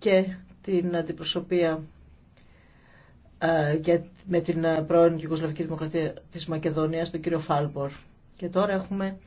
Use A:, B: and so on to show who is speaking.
A: και την αντιπροσωπεία και ε, με την πρώην Γιουγκοσλαβική Δημοκρατία της Μακεδονίας, τον κύριο Φάλμπορ. Και τώρα
B: έχουμε